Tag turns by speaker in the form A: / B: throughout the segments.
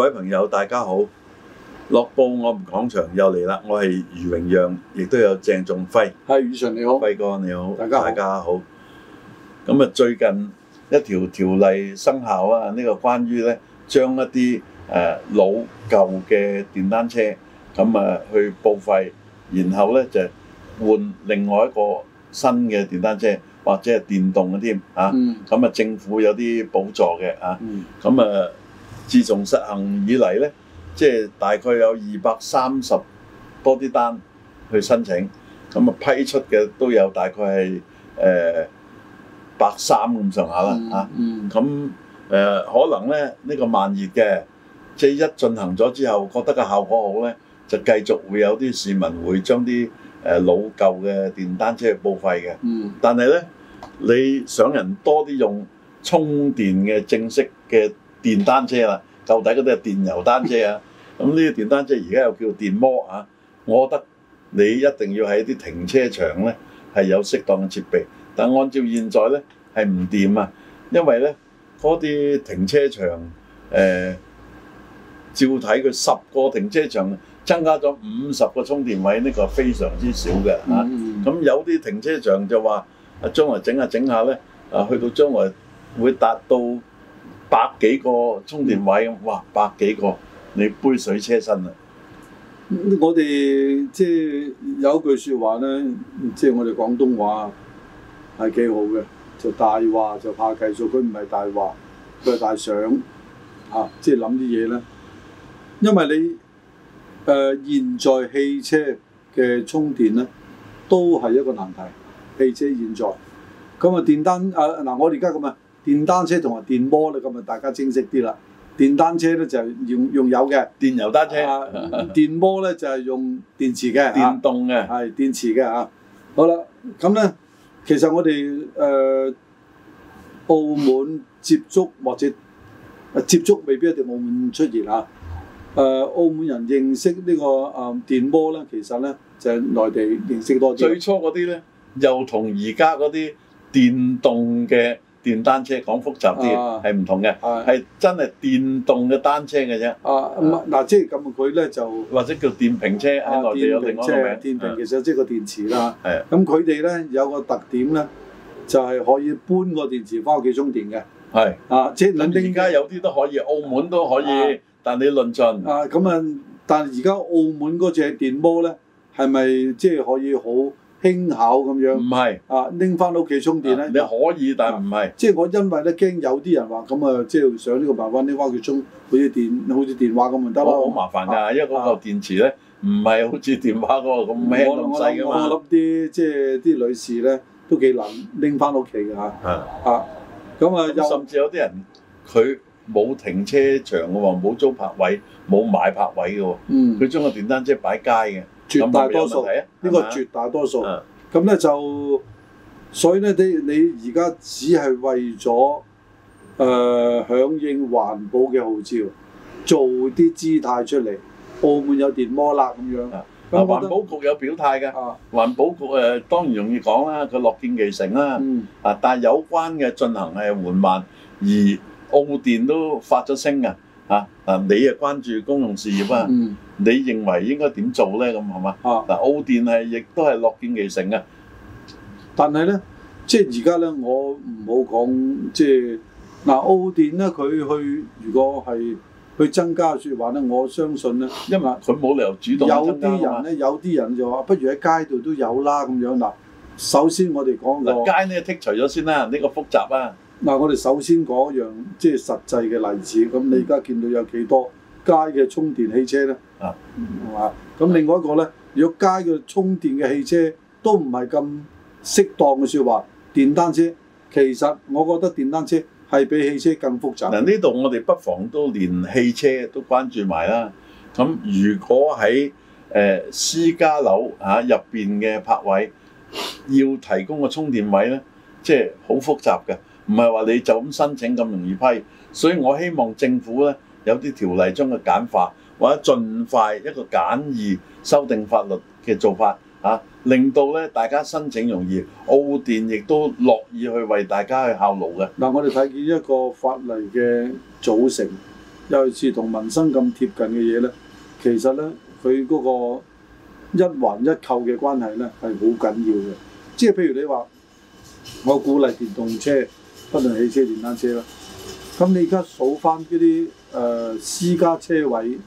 A: 各位朋友，大家好！樂報我唔講場，又嚟啦！我係余榮陽，亦都有鄭仲輝。係宇順你好，輝哥你好，大家大家好。咁啊，最近一條條例生效啊，呢個關於咧將一啲誒老舊嘅電單車咁啊去報廢，然後咧就換另外一個新嘅電單車，或者係電動嘅添啊。咁啊，政府有啲補助嘅啊。咁啊。自從實行以嚟呢，即係大概有二百三十多啲單去申請，咁啊批出嘅都有大概係誒百三咁上下啦嚇。咁誒可能呢呢個慢熱嘅，即係一進行咗之後覺得個效果好呢，就繼續會有啲市民會將啲誒老舊嘅電單車報廢嘅。嗯，但係呢你想人多啲用充電嘅正式嘅。電單車啦，舊底嗰啲係電油單車啊，咁呢啲電單車而家又叫做電摩啊，我覺得你一定要喺啲停車場呢係有適當嘅設備，但按照現在呢，係唔掂啊，因為呢嗰啲停車場誒、呃，照睇佢十個停車場增加咗五十個充電位，呢、呢個非常之少嘅嚇，咁、嗯嗯啊、有啲停車場就話啊將來整下整下呢，啊，去到將來會達到。百幾個充電位，哇！百幾個你杯水車薪啊、嗯！
B: 我哋即係有一句説話咧，即係我哋廣東話係幾好嘅，就大話就怕計數，佢唔係大話，佢係大想嚇、啊，即係諗啲嘢咧。因為你誒、呃、現在汽車嘅充電咧，都係一個難題。汽車現在咁啊、嗯，電單啊嗱，我哋而家咁啊。電單車同埋電摩咧，咁咪大家清晰啲啦。電單車咧就係用用油嘅電油單車，電摩咧就係用電池嘅電動嘅，係電池嘅嚇。好啦，咁咧其實我哋誒澳門接觸或者誒接觸未必一定澳門出現嚇。誒澳門人認識呢個誒電摩咧，其實咧就係內地認識多啲。最初嗰啲
A: 咧又同而家嗰啲電動嘅。電單車講複雜啲，係唔同嘅，係真係電動嘅單車嘅啫。啊，嗱，即係咁佢咧就或者叫電瓶車啊，喺內地有電瓶車，電瓶其實即係個電池啦。係
B: 啊，咁佢哋咧有個特點咧，就係可以搬個電池翻屋企充電嘅。係啊，即係點解有啲都可以，澳門都可以，但你論盡啊咁啊。但係而家澳門嗰隻電摩咧，係咪即係可以好？輕巧咁樣，唔係啊！拎翻屋企充電咧，你可以，但係唔係。即係我因為咧驚有啲人話咁啊，即係想呢個辦法拎翻佢充，好似電，好似電話咁咪得咯。好麻煩㗎，因為嗰個電池咧
A: 唔係好似電話嗰個咁輕咁細㗎嘛。我我諗
B: 啲即係啲女士咧都幾難拎翻屋企㗎嚇。
A: 啊，咁啊，甚至有啲人佢冇停車場嘅喎，冇租泊位，冇買泊位嘅喎。嗯，佢將個電單車擺街嘅。絕大多數，呢個絕大多數，咁呢吧，就，
B: 所以呢，你你而家只係為咗，誒響應環保嘅號召，做啲姿態出嚟。
A: 澳門有電摩啦咁樣，嗱環、啊、保局有表態嘅，環、啊、保局誒、呃、當然容易講啦，佢樂見其成啦，啊、嗯、但係有關嘅進行係緩慢，而澳電都發咗聲噶。啊嗱，你啊關注公用事業啊，嗯、你認為應該點做咧？咁係嘛？嗱、啊啊，澳電係亦都係樂見其成啊！但係咧，即係而家咧，我唔好講即係
B: 嗱、啊，澳電咧佢去如果係去增加嘅話咧，我相信咧，
A: 因為佢冇理由主動。有啲人
B: 咧，吧有啲人就話不如喺街度都有啦咁樣嗱。首先我哋講個街
A: 咧剔除咗先啦，呢、呢個複雜啊。嗱，我哋首先講
B: 一樣即係實際嘅例子，咁你而家見到有幾多街嘅充電汽車呢？啊，係咁另外一個呢，如果街嘅充電嘅汽車都唔係咁適當嘅説話，電單車其實我覺得電單車係比
A: 汽車更複雜。嗱，呢度我哋不妨都連汽車都關注埋啦。咁如果喺、呃、私家樓嚇入邊嘅泊位要提供個充電位呢，即係好複雜嘅。唔係話你就咁申請咁容易批，所以我希望政府咧有啲條例將佢簡化，或者盡快一個簡易修訂法律嘅做法嚇，令到咧大家申請容易。澳電亦都樂意去為大家去效勞嘅。嗱，我哋睇見一個
B: 法例嘅組成，尤其是同民生咁貼近嘅嘢咧，其實咧佢嗰個一環一扣嘅關係咧係好緊要嘅。即係譬如你話我鼓勵電動車。不論汽車、電單車啦，咁你而家數返嗰啲誒私家車位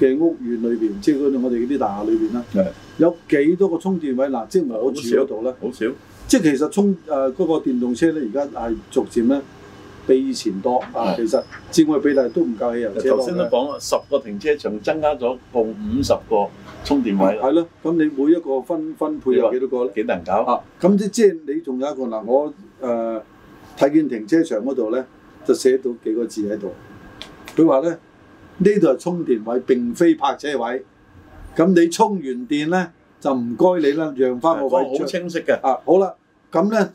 B: 嘅屋苑裏邊，即係嗰啲我哋嗰啲大廈裏邊啦，的有幾多個充電位？嗱、啊，即係唔係我住嗰度咧，好少，少即係其實充誒嗰、呃嗰個電動車咧，而家係逐漸咧比以前多。的啊，其實佔嘅比例都唔夠汽油車。頭先都
A: 講啦，十個停車場增加咗共五十個充電位。係咯，咁你每一個分分配有幾多個咧？幾難
B: 搞。啊，咁即即係你仲有一個嗱、呃，我誒。呃睇見停車場嗰度咧，就寫到幾個字喺度。佢話咧：呢度係充電位，並非泊車位。咁你充完電咧，就唔該你啦，讓翻個位好、啊嗰個、清晰嘅。啊，好啦，咁咧，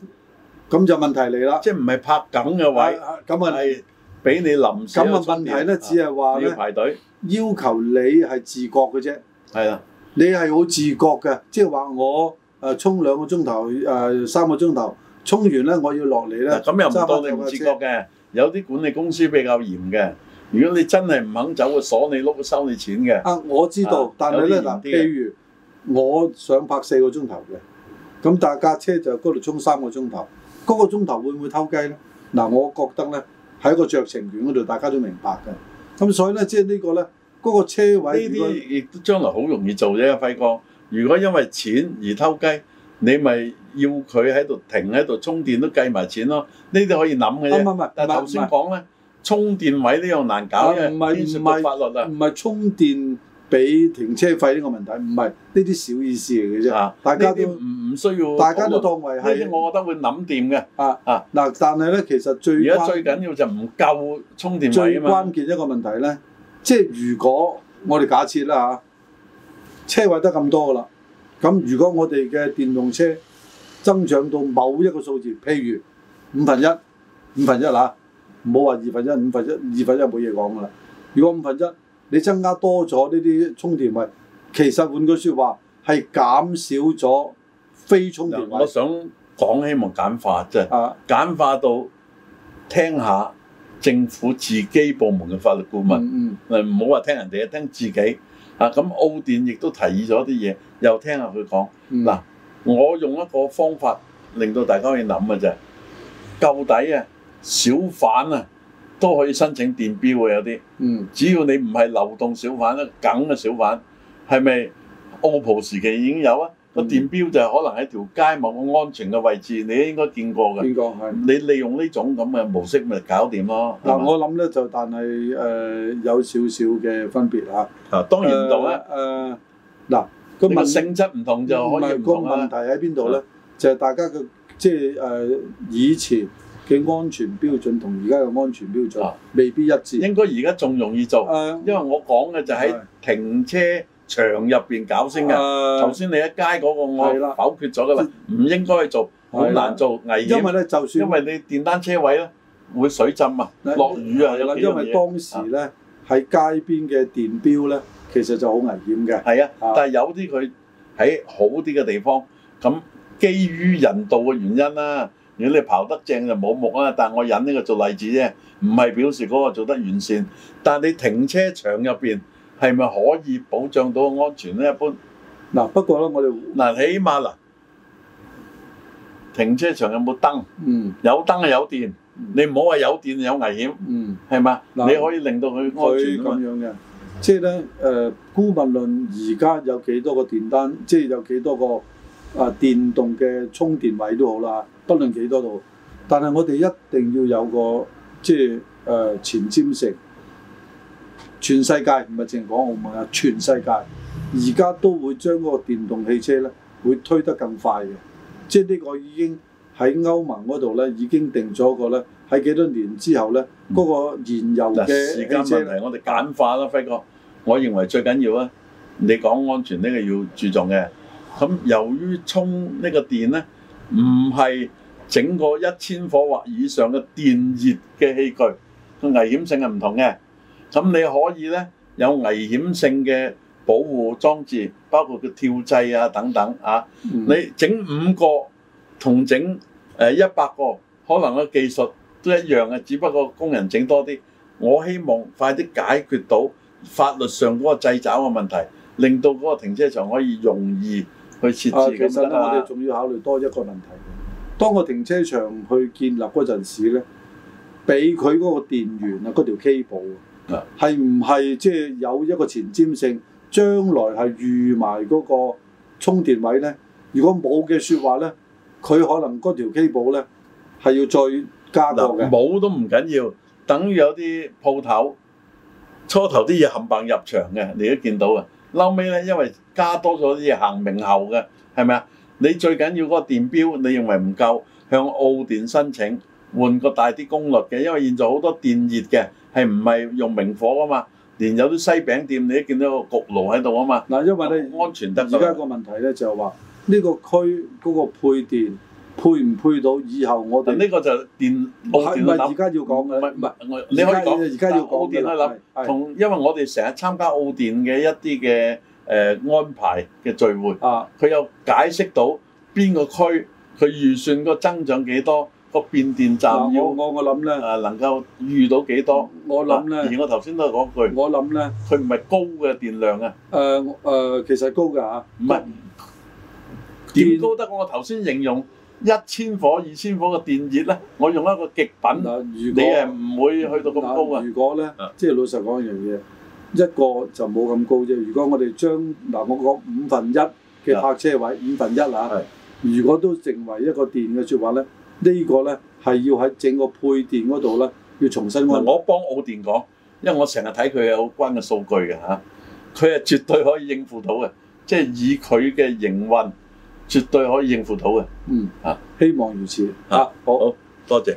B: 咁就問題嚟啦。即唔係泊緊嘅位？
A: 咁啊，俾是你臨時。咁啊問題咧，
B: 只係話咧，要，排隊要求你係自覺嘅啫。係的你係好自覺嘅，即係話我、呃、充兩個鐘頭、呃、三個鐘頭。充完咧，我要落嚟咧。咁、啊、又唔當你唔知覺嘅，
A: 啊、有啲管理公司比較嚴嘅。如果你真係唔肯走，會鎖你碌，收你錢嘅。啊，我知道，啊、但係咧嗱，譬
B: 如我想泊四個鐘頭嘅，咁但架車就喺嗰度充三個鐘頭，嗰、那個鐘頭會唔會偷雞咧？嗱、啊，我覺得咧
A: 喺個酌情嗰度，大家都明白嘅。
B: 咁所以咧，即、就、係、是、呢個咧，嗰、那個車位呢啲
A: 亦都將來好容易做啫。輝哥。如果因為錢而偷雞。你咪要佢喺度停喺度充電都計埋錢咯，呢啲可以諗嘅，但係頭先講咧，充電位呢樣難搞嘅。唔係唔係唔係充電
B: 俾停車費呢個問題，唔係呢啲小意思嚟嘅啫。啊、大家啲唔需要。大家都當為係我覺得會諗掂嘅。啊啊嗱，但係咧，其實最而家最緊要就唔夠充電位啊嘛。最關鍵一個問題咧，即係如果我哋假設啦嚇，車位得咁多㗎啦。咁如果我哋嘅電動車增長到某一個數字，譬如五分一，五分一嗱，唔好話二分一，五分一，二分一冇嘢講㗎喇。如果五分一，你增加多咗呢啲充電位，其實換句説話係減少咗非充電位。我
A: 想講希望簡化啫，簡化到聽下政府自己部門嘅法律顧問，唔好話聽人哋，聽自己。啊咁澳電亦都提議咗啲嘢，又聽下佢講。嗱、嗯，我用一個方法令到大家去諗嘅啫。舊、就係、底啊，小販啊，都可以申請電錶嘅有啲。嗯，只要你唔係流動小販，梗嘅小販係咪澳葡時期已經有啊？個、嗯、電錶就係可能喺條街某個安全嘅位置，你應該見過嘅。邊個係？你利用呢種咁嘅模式咪搞掂咯喏吧。但我諗咧，就但係誒有少少嘅分別嚇。啊，當然唔同啦。嗱、
B: 啊、個、啊、物性質唔同就可以唔啱啦。個問題喺邊度咧？的就係大家嘅即係誒、呃、以前嘅安全標準同而家嘅
A: 安全標準未必一致。的應該而家仲容易做，啊、因為我講嘅就係停車。場入邊搞先嘅，頭先、啊、你喺街嗰個我否決咗噶啦，唔的應該做，好難做的危險。因為咧，就算因為你電單車位咧會水浸啊，落的雨啊，的因為當時咧喺街邊嘅電錶咧，其實就好危險嘅。係啊的，的但係有啲佢喺好啲嘅地方，咁基於人道嘅原因啦、啊。如果你刨得正就冇目啊，但係我引呢個做例子啫，唔係表示嗰個做得完善。但係你停車場入邊。係咪可以保障到安全呢？一般嗱、啊，不過呢，我哋嗱起碼嗱，停車場有冇燈？嗯，有燈係有電，嗯、你唔好話有電有危險，嗯，係嘛？啊、你可以令到佢安全咁樣嘅，嗯、即係呢，誒、呃，
B: 姑勿論而家有幾多個電單？即係有幾多個啊、呃、電動嘅充電位都好啦，不論幾多度，但係我哋一定要有個即係誒、呃、前瞻性。全世界唔係淨係講澳門啊，全世界而家都會將嗰個電動汽車呢會推得更快嘅。即係呢個已經喺歐盟嗰度呢已經定咗個咧，喺幾多年之後
A: 呢，嗰、嗰個燃油嘅汽車、嗯，時間問題，我哋簡化啦，輝哥。我認為最緊要啊，你講安全呢個要注重嘅。咁由於充呢個電呢，唔係整個一千火或以上嘅電熱嘅器具，個危險性係唔同嘅。咁你可以呢，有危險性嘅保護裝置，包括個跳掣啊等等啊。嗯、你整五個同整誒一百個，可能個技術都一樣嘅，只不過工人整多啲。我希望快啲解決到法律上嗰個掣肘嘅問題，令到嗰個停車場可以容易去設置、啊、其實我哋
B: 仲要考慮多一個問題當當個停車場去建立嗰陣時咧，俾佢嗰個電源啊，嗰條 cable。係唔係即係有一個前瞻性？將來係預埋嗰個充電位呢。如果冇嘅說話呢，
A: 佢可能嗰條機鋪呢係要再加多。冇都唔緊要，等於有啲鋪頭初頭啲嘢冚棒入場嘅，你都見到嘅。後尾呢，因為加多咗啲嘢行名後嘅，係咪啊？你最緊要嗰個電表，你認為唔夠，向澳電申請換個大啲功率嘅，因為現在好多電熱嘅。係唔係用明火啊嘛？連有啲西餅店你都見到個焗爐喺度啊嘛！嗱，因為咧安全得。而家
B: 個問題咧就係話，呢個區嗰個配
A: 電配唔配到？以後我哋呢個就電，我係咪而家要講嘅？唔係，我你可以講啊！而家要講電啊！諗同，因為我哋成日參加澳電嘅一啲嘅誒安排嘅聚會，佢又的解釋到邊個區佢預算個增長幾多。個變電站要我我我諗咧，誒能夠遇到幾多？我諗咧，而我頭先都係講句，我諗咧，佢唔係高嘅電量啊！誒誒，其實高㗎嚇，唔係電高得我頭先形容一千火、二千火嘅電熱咧，我用一個極品。如果你唔會去到咁高啊？如果咧，即係老實講一樣嘢，
B: 一個就冇咁高啫。如果我哋將嗱我講五分一嘅泊車位，五分一嚇，如果都成為一個電嘅説話咧。呢個呢，係要喺整個配電嗰度呢，要
A: 重新運。我幫澳電講，因為我成日睇佢有關嘅數據嘅吓，佢係絕對可以應付到嘅，即係以佢嘅營運，絕對可以應付到嘅。嗯啊，希望如此。啊，好，好多謝。